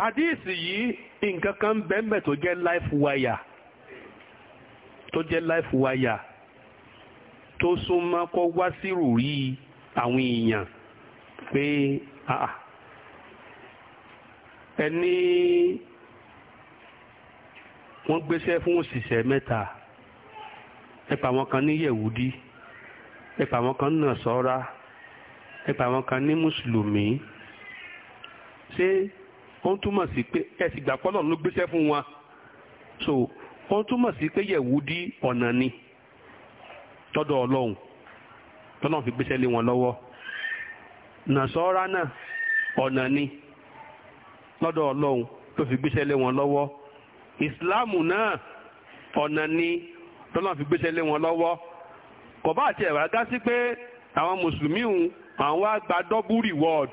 àdíìsì yìí nǹkan kan bẹ́ẹ̀mẹ̀ tó jẹ́ life wire tó jẹ́ life wire tó súnmọ́ kó wá sí rúrí àwọn èèyàn pé ẹni wọ́n gbéṣẹ́ fún òṣìṣẹ́ mẹ́ta ẹ pa àwọn kan ní yẹ̀wúdí ẹ pa àwọn kan ní nàṣọ́ra ẹ pa kan ní mùsùlùmí ṣé ó ń túmọ̀ sí pé ẹ̀sìn ìgbà ló fún wọn so ó ń sí pé ọ̀nà ni tọ́dọ̀ ọlọ́run tọ́nà fi gbéṣẹ́ lé wọn lọ́wọ́ nàṣọ́ra náà ọ̀nà ni lọ́dọ̀ ọlọ́run tó fi lé wọn lọ́wọ́ ìsìláàmù náà ọ̀nà ni tọ́nà fi gbéṣẹ́ lé wọn lọ́wọ́ kò bá àti pé àwọn mùsùlùmí àwọn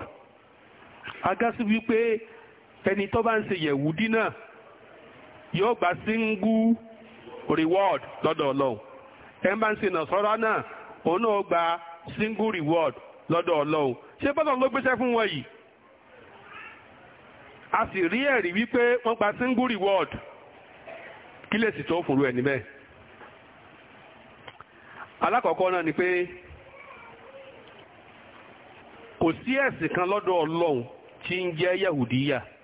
ẹni tó bá ń ṣe yẹ̀wúdí náà yóò gba single reward lọ́dọ̀ ọlọ́run ẹni bá ń Se nàṣọ́rọ́ náà òun gba single reward lọ́dọ̀ ọlọ́run ṣé ló gbéṣẹ́ fún wọn yìí a sì rí ẹ̀rí wípé wọ́n gba single reward kí lè sì tó fòrò ẹ̀ níbẹ̀ alákọ̀ọ́kọ́ ni pé kò sí ẹ̀sìn kan lọ́dọ̀ ọlọ́run tí ń jẹ́ yahudiya. Ya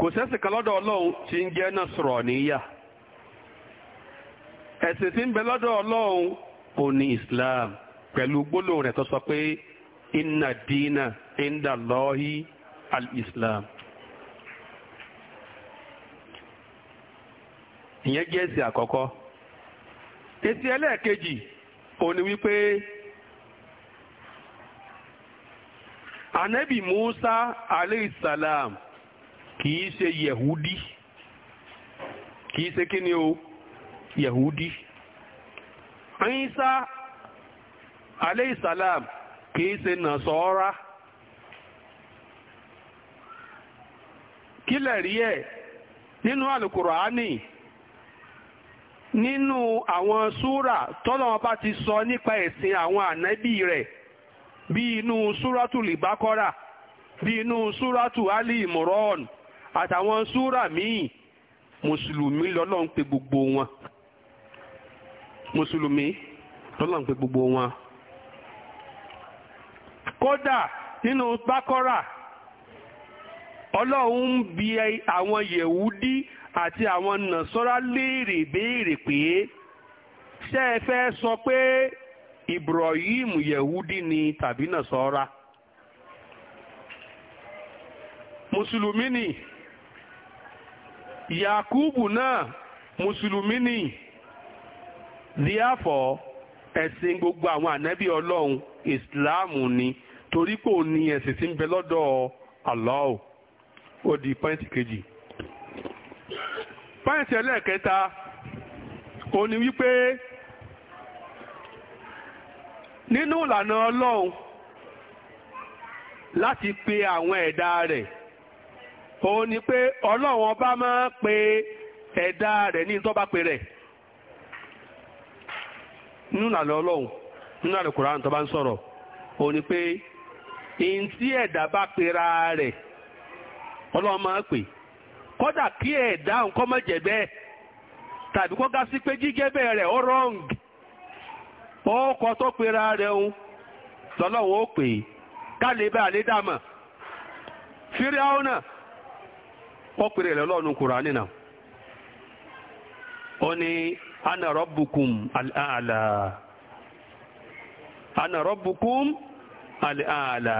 kò sẹ́sì kan lọ́dọ̀ ọlọ́run tí ń jẹ́ Nasraniya ẹ̀sìn tí ń bẹ lọ́dọ̀ ọlọ́run ò ní Islam pẹ̀lú gbólóhùn rẹ̀ tó pé inna dina inda Allahi al-Islam ìyẹn jẹ́ èsì àkọ́kọ́ èsì ẹlẹ́ẹ̀kejì ò ní wípé anabi Musa aleyhisalaam kì í ṣe yẹ̀húdí kì í ṣe kí ni o yẹ̀húdí Ìsá aleyhisalam kì í ṣe nàṣọ́ra kílẹ̀ rí ẹ̀ nínú àlùkùránì nínú àwọn súrà tọ́lọ́wọ́n bá ti sọ nípa ẹ̀sìn àwọn ànẹ́bí rẹ̀ bí inú súrọ́tù libakora, bí inú súrọ́tù alì ìmọ̀rọ́ọ̀nù àtàwọn súrà míì mùsùlùmí lọ́lọ́run pè gbogbo wọn mùsùlùmí lọ́lọ́run pè gbogbo wọn. kódà nínú bákọ́rà ọlọ́run ń bi àwọn yẹ̀wúdí àti àwọn nàṣọ́rá léèrè béèrè pé ṣé ẹ fẹ́ sọ pé Ibrahim yẹ̀wúdí ni tàbí nàṣọ́rá mùsùlùmí ni. Yakubu náà mùsùlùmí ni díàfọ̀ ẹ̀sìn gbogbo àwọn ànábì ọlọ́run ìsìláàmù ni torí kò ní ẹ̀sìn tí ń bẹ lọ́dọ̀ Allah ó di pẹ́ǹtì kejì pẹ́ǹtì ẹlẹ́ẹ̀kẹta ó ní wípé nínú ìlànà ọlọ́run láti pe àwọn ẹ̀dá rẹ̀ òun ni pé ọlọ́run ọba máa pe ẹ̀dá rẹ̀ ní pe rẹ̀ nínú àlọ́ ọlọ́run nínú àlọ́ tó bá ń sọ̀rọ̀ òun ni pé ìyìn tí ẹ̀dá bá pera rẹ̀ ọlọ́run máa pè kódà kí ẹ̀dá nǹkan má jẹ́ bẹ́ẹ̀ tàbí kó gá sí pé jíjẹ́ bẹ́ẹ̀ rẹ̀ ó wrong ọkọ tó pera rẹ̀ òun lọ́lọ́run ó pè ká lè bá a lè dá mọ̀ ó pèrè rẹ̀ lọ́nu Kùránì náà ó ní ana rabbukum al'ala ana rabbukum al'ala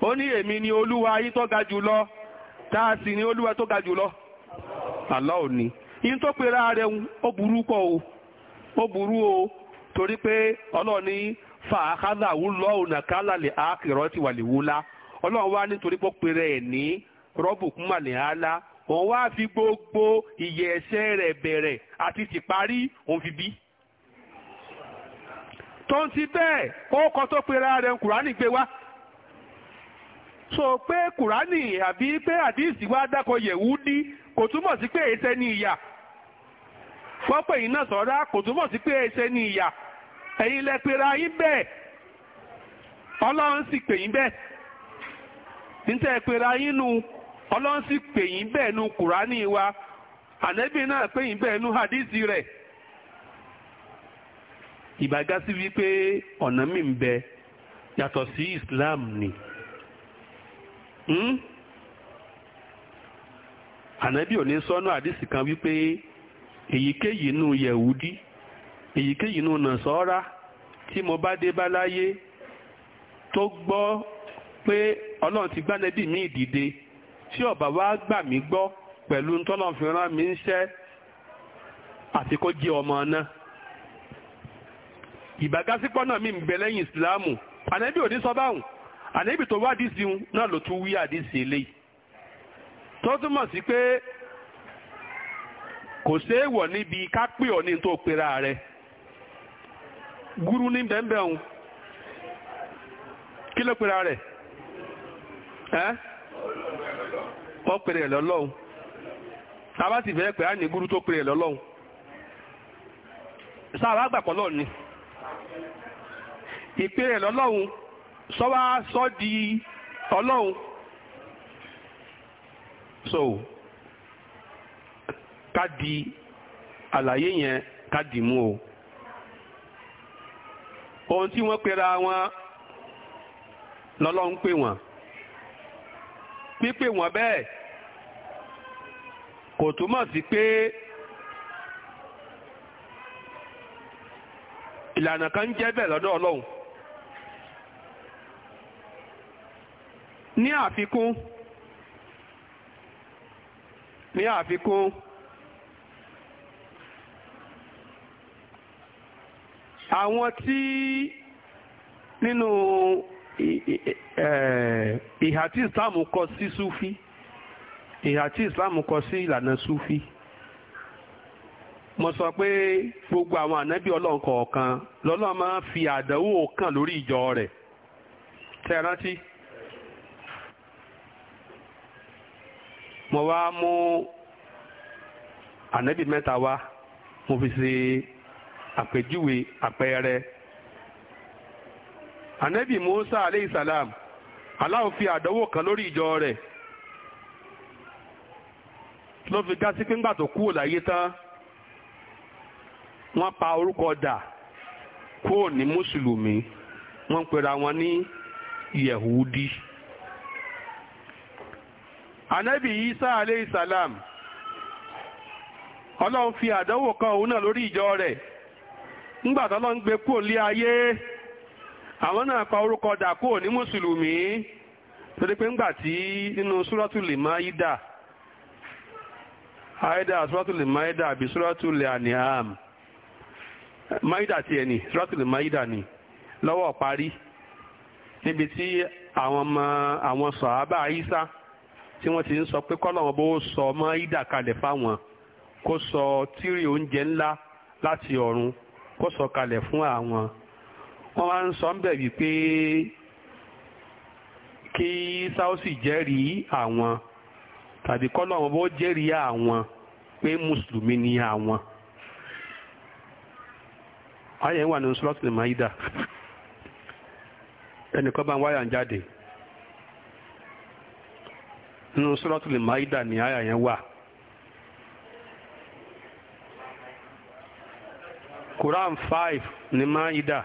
ó ní èmi ni olúwa yín tó ga jùlọ táà sì ni olúwa tó ga jùlọ Allah ò ní yín tó pèrè rẹ̀ ó burú pọ̀ o ó burú o torí pé ọlọ́ọ̀ni fàákàdà wúlọ́ọ̀nà kálà lè ákìrọ́ ti wà lè wúlá ọlọ́run nítorí pé pèrè ẹ̀ ní rọ́bù kúmàlẹ̀ àlá òun wá fi gbogbo ìyẹ̀ ẹ̀ṣẹ̀ rẹ̀ bẹ̀rẹ̀ àti ti parí òun fi bí. tó bẹ́ẹ̀ ó kọ tó pera rẹ̀ kùránì gbé wá. sọ pé kùránì àbí pé àdíìsì wá dákọ̀ yẹ̀wú ní kò túmọ̀ sí pé èsẹ́ ní ìyà. wọ́n pè yín náà sọ́ra kò túmọ̀ sí pé èsẹ́ ní ìyà. ẹ̀yin lẹ pera yín bẹ́ẹ̀ ọlọ́run sì pè yín bẹ́ẹ̀ níta ẹ̀ pera yín nu. ọlọ́run sì pè yín bẹ́ẹ̀ nu kùránì wa ànẹ́bí náà pè yín bẹ́ẹ̀ nu hadithi rẹ̀ ìbága sí wípé ọ̀nà mi ń bẹ yàtọ̀ sí Islam ni hmm? ànẹ́bí ò ní sọ́nù hadithi kan wípé èyíkéyìí nù yẹ̀wúdí èyíkéyìí nù nàṣọ́ra tí mo bá dé bá láyé tó gbọ́ pé ọlọ́run ti gbá nẹ́bí mi dìde tí ọba wa gbà mí gbọ́ pẹ̀lú ntọ́lọ́fìrán mi ń ṣẹ́ àti kó jẹ́ ọmọ náà ìbágásípọ̀ náà mi ń bẹ lẹ́yìn ìsìláàmù ànẹ́bí ò ní sọ báwùn ànẹ́bí tó wádìí sí un náà ló tún wí àdìsí eléyìí tó túmọ̀ sí pé kò séèwọ̀ níbi ká pè ọ́ ní tó pera rẹ̀ gúrú ní bẹ́ẹ̀nbẹ́ òun kí ló pera rẹ̀ ẹ́ wọ́n pèrè ẹ̀ lọ́lọ́run sábà sì fẹ́ pé á ní gúrú tó pèrè ẹ̀ lọ́lọ́run sábà àgbàpọ̀ lọ́ọ̀ ni ìpèrè ẹ̀ lọ́lọ́run sọ́wá sọ́ di ọlọ́run so ká di àlàyé yẹn ká dì mú o ohun tí wọ́n pera wọn lọ́lọ́run pè wọ́n pípè wọ́n bẹ́ẹ̀ kò túmọ̀ sí pé ìlànà kan ń jẹ́ bẹ́ẹ̀ lọ́dọ̀ Ọlọ́run ní àfikún ní àfikún àwọn tí nínú. Eh, ìhà tí islam kọ sí sufi ìhà tí islam kọ sí ìlànà sufi mo sọ pé gbogbo àwọn ànábì ọlọ́run kọ̀ọ̀kan lọ́lọ́run máa ń fi àdánwò kàn lórí ìjọ rẹ̀ tẹ́ rántí mo wá mú ànábì mẹ́ta wá mo fi ṣe àpèjúwe àpẹẹrẹ anabi musa aleyhi salam aláwọ̀ fi àdánwò kan lórí ìjọ rẹ̀ ló fi dá sí pé ńgbà tó kúrò láyé tán wọ́n pa orúkọ dà kúrò ní mùsùlùmí wọ́n ń pera wọn ní yehudi. anabi isa aleyhi salam ọlọ́run fi àdánwò kan òun náà lórí ìjọ rẹ̀ ńgbà àwọn náà pa orúkọ dà kúrò ní mùsùlùmí torí pé ńgbà tí nínú súrọ́tùlì máídà àìdà súrọ́tùlì máídà àbí súrọ́tùlì àníhàm máídà tiẹ̀ ni súrọ́tùlì máídà ni lọ́wọ́ parí níbi tí àwọn ọmọ àwọn sọ̀hábà àyíṣá tí wọ́n ti ń sọ pé kọ́lọ́wọ́n bó sọ máídà kalẹ̀ fáwọn kó sọ tírì oúnjẹ ńlá láti ọ̀run kó sọ kalẹ̀ fún àwọn wọ́n wá ń sọ ń bẹ̀ wípé kí sáúsì jẹ́rìí àwọn tàbí kọ́lọ̀ wọn bó jẹ́rìí àwọn pé mùsùlùmí ni àwọn ayé ń wà ní sọ́lọ́tì maida ẹnìkan bá ń wáyà ń jáde nínú sọ́lọ́tì maida ni ayà yẹn wà Quran 5, ni maida.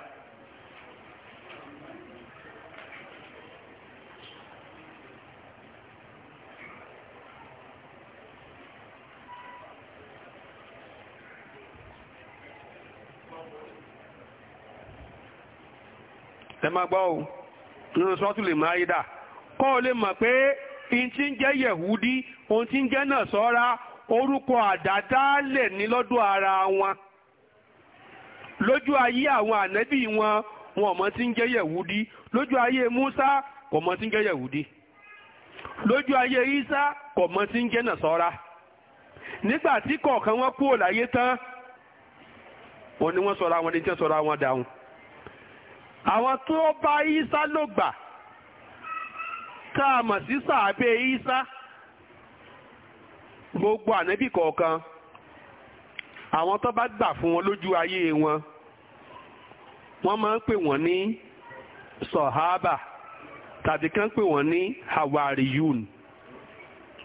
ẹ máa gbọ́ o nínú sọ́tù lè máa yí dà kọ́ ọ lè mọ̀ pé ohun tí ń jẹ́ yẹ̀húdí ohun tí ń jẹ́ náà sọ́ra orúkọ àdádálẹ̀ ní lọ́dọ̀ ara wọn lójú ayé àwọn ànábì wọn wọn ò mọ̀ ń jẹ́ yẹ̀húdí lójú ayé Musa kò mọ̀ tí ń jẹ́ yẹ̀húdí lójú ayé Isa kò mọ̀ tí ń jẹ́ náà sọ́ra nígbà tí kọ̀ọ̀kan wọn kúrò láyé tán òun ni wọ́n sọ̀rọ̀ àwọn ẹni tí wọ́n sọ̀rọ̀ àwọn dàhùn. àwọn tó bá Ìsá ló gbà tá a mọ̀ sí sàábé Ìsá gbogbo ànábì kọ̀ọ̀kan àwọn tó bá gbà fún wọn lójú ayé wọn wọ́n máa ń pè wọ́n ní sọ̀hábà tàbí kán pè wọ́n ní hawariyun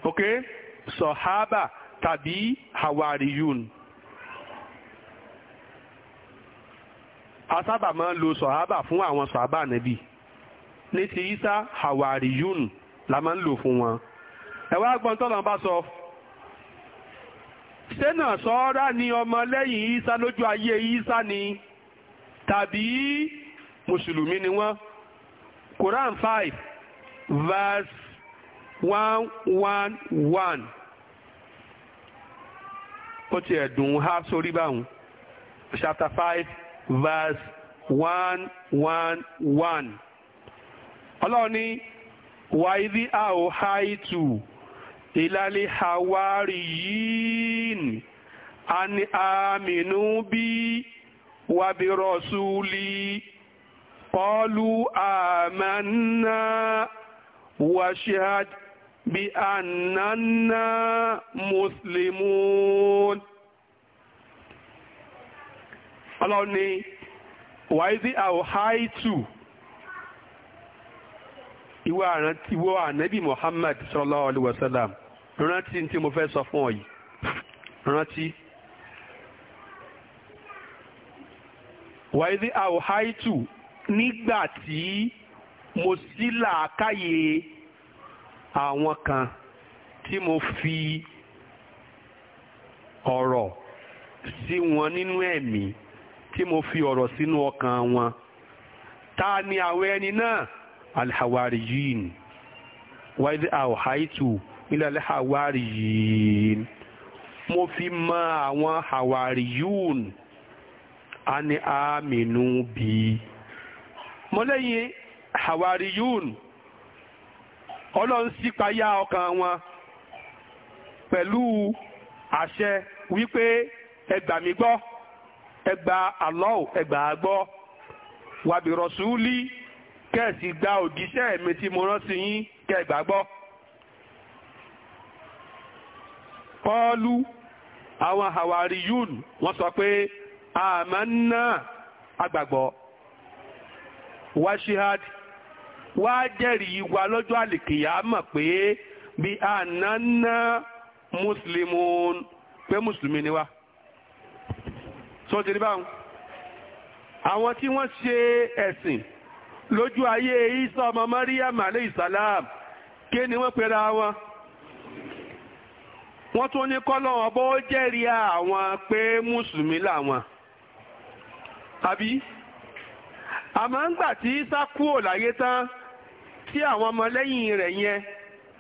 ok sọ̀hábà tàbí hawariyun. a sábà máa ń lo sọ̀hábà fún àwọn sọ̀hábà ànábì ní ti isa hawari yun la máa ń lò fún wọn ẹ wá tọ́lọ́ bá sọ sẹ́nà sọ́ọ́rá ni ọmọ lẹ́yìn isa lójú ayé isa ni tàbí mùsùlùmí ni wọ́n Quran five verse one one one ó ti ẹ̀dùn ha sórí báwọn chapter five verse one one one ọlọ́run ní wàhídí àò haitu ìlàlẹ̀ hawari yìí àni àmìnú bí wàbí rọ̀súlì pọ́lú àmàna wàṣíhàd bí ànánà mùsùlùmí ọlọ́run ní wàídí àwòháìtù ìwọ ìwọ ànábì Muhammad sallallahu alaihi wasallam rántí tí mo fẹ́ sọ fún ọ yìí rántí wàídí àwòháìtù nígbà tí mo sí làákàyè àwọn kan tí mo fi ọ̀rọ̀ sí wọn nínú ẹ̀mí. E tí mo fi ọ̀rọ̀ sínú ọkàn wọn ta ni àwọn ẹni náà alhawariyin wáyé àwòháìtù ilẹ̀ alhawariyin mo fi mọ àwọn hawariyun a ní àmìnú bí mọ́lẹ́yìn hawariyun ọlọ́run sípayá ọkàn wọn pẹ̀lú àṣẹ wípé ẹ gbà ẹgbà Allah ẹgbà àgbọ́ wàbí kẹ́ẹ̀sì gba òjíṣẹ́ mi tí mo sí yín kẹ́ẹ̀gbà gbọ́. àwọn àwárí yún wọ́n sọ pé àmánà agbàgbọ́ wáṣíhad wá jẹ́rìí wa lọ́jọ́ mọ̀ pé bí mùsùlùmí pé mùsùlùmí ni wá. tó ti rí àwọn tí wọ́n ṣe ẹ̀sìn lójú ayé Isa ọmọ Maryam alayhi salam ké ni wọ́n pera wọn wọ́n tún ní kọ́lọ̀ ọbọ̀ ó jẹ́rìí àwọn pé mùsùlùmí làwọn àbí àmọ́ ńgbà tí Isa kúrò láyé tán tí àwọn ọmọlẹ́yìn rẹ̀ yẹn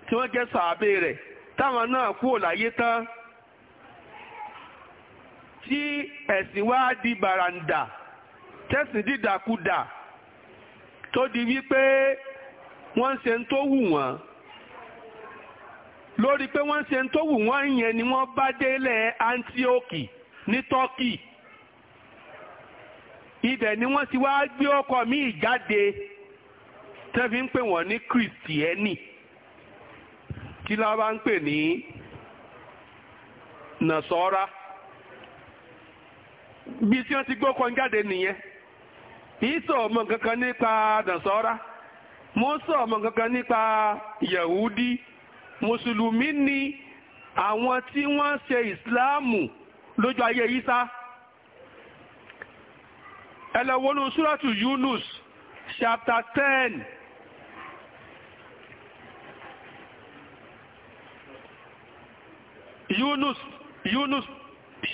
tí wọ́n jẹ́ sàábé rẹ̀ táwọn náà tí ẹ̀sìn wá di bàràǹdà tẹ̀sìn dídàkudà tó di wípé wọ́n ń ṣe ń tó wù wọ́n lórí pé wọ́n ń ṣe ń tó wù wọ́n yẹn ni wọ́n bá délẹ̀ Antioch ní Turkey ibẹ̀ ni wọ́n ti wá gbé ọkọ̀ míì jáde tẹ́ fi ń pè wọ́n ní kìrìsìtìẹ́nì tí lára ń pè ní nàṣọ́ra bí tí wọ́n ti gbókọ̀ jáde nìyẹn ìsọ̀ ọmọ kankan nípa dànsọ́ra mọ́sọ̀ ọmọ kankan nípa yahudi mùsùlùmí ni àwọn tí wọ́n ṣe ìsìláàmù lójú ayé Ìsá ẹ lọ wọnú súràtù Yunus chapter ten Yunus Yunus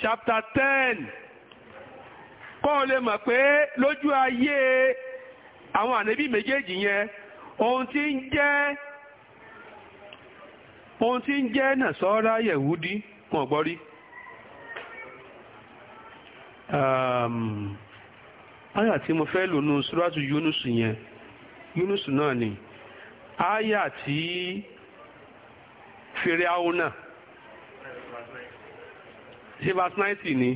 chapter ten. kọ́ lè mọ̀ pé lójú ayé àwọn ànábì méjèèjì yẹn ohun tí ń jẹ́ ohun tí ń jẹ́ nàṣọ́ra yẹ̀wúdí wọn gbọ́ rí ehm, àyà tí mo fẹ́ lò nù sùràtù yúnùsù yẹn yúnùsù náà ni àyà tí fèrè àwọn náà ṣe verse ni.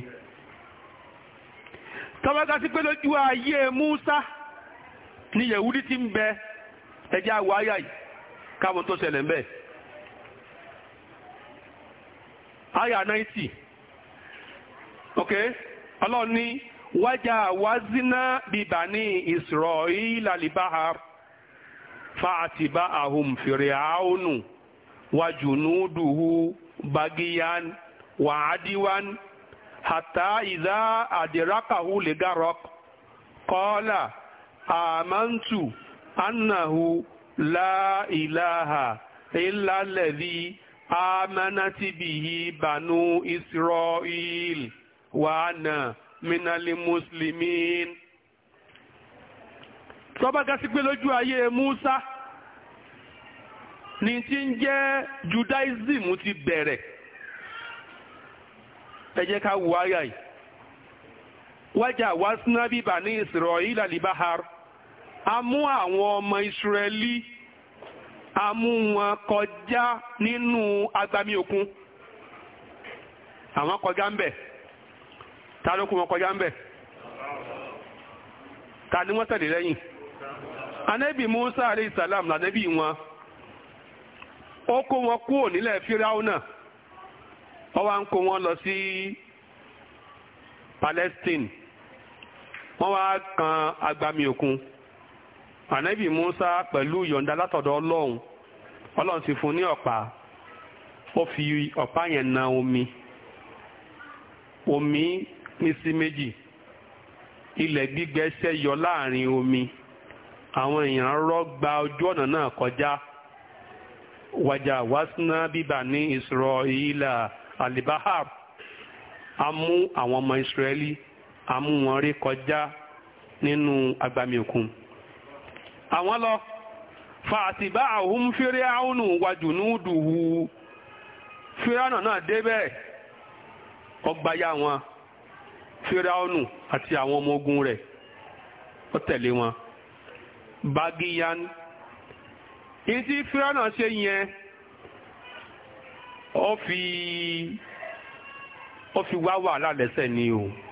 tọ́bọ́gá sí pé lójú ayé Musa ní Yehudi ti ń bẹ ẹjẹ́ àwọ̀ ayá yìí káwọn tó ṣẹlẹ̀ ń bẹ ayá 90 ok ọlọ́run ní wájà wázínà bíbà ní Isra'ila al-bahar fàtìbá ahùn fèrè wájú núdùú bagiyan wàádìwán hàtà ìdá àdìrákàhù lè gàrọ kọ́ọ́là àmọ́ntù annahu láìláha ìlàlẹ́dí àmánátìbìyí bànú israel wàánà mínálí muslimin tọ́bá gásí pé lójú ayé Musa ní tí ń jẹ́ Judaism ti bẹ̀rẹ̀ ẹ jẹ́ ká wo àyà yìí wájà wá sínábì bani Isra'ila libahar a mú àwọn ọmọ Israẹli a mú wọn kọjá nínú agbami òkun àwọn kọjá ń ta ló kún wọn kọjá ń ta ni wọ́n tẹ̀lé lẹ́yìn anẹ́bì Musa alayhi salam na wọn ó kó wọn kúrò nílẹ̀ Fíráúnà náà ó wá ń kó wọn lọ sí Palestine wọ́n wá kan agbami òkun ànábì Musa pẹ̀lú yọ̀ǹda látọ̀dọ̀ Ọlọ́run Ọlọ́run sì fún ní ọ̀pá ó fi ọ̀pá yẹn na omi omi pín sí méjì ilẹ̀ gbígbẹ ṣẹ́ yọ láàrin omi àwọn èèyàn rọ́ gba ojú ọ̀nà náà kọjá wàjà wàsánà bíbà ní Israila alibahar a mú àwọn ọmọ Israẹli a mú wọn rí kọjá nínú agbami òkun àwọn lọ fàtìbá àhún fíráúnù wàjùnúdùhù fíráúnù náà débẹ̀ ọgbáyà wọn fíráúnù àti àwọn ọmọ ogun rẹ̀ ó tẹ̀lé wọn bagiyan ìdí fíráúnù ṣe yẹn ó fi ó fi wá wàhálà lẹ́sẹ̀ ni o.